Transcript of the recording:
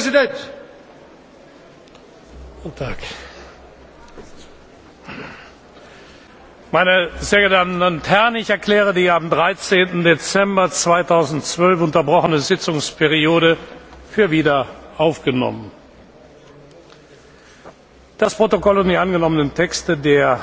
president. Tag. Meine sehr geehrten Damen und Herren, ich erkläre die am 13. Dezember 2012 unterbrochene Sitzungsperiode für wieder aufgenommen. Das Protokoll und die angenommenen Texte der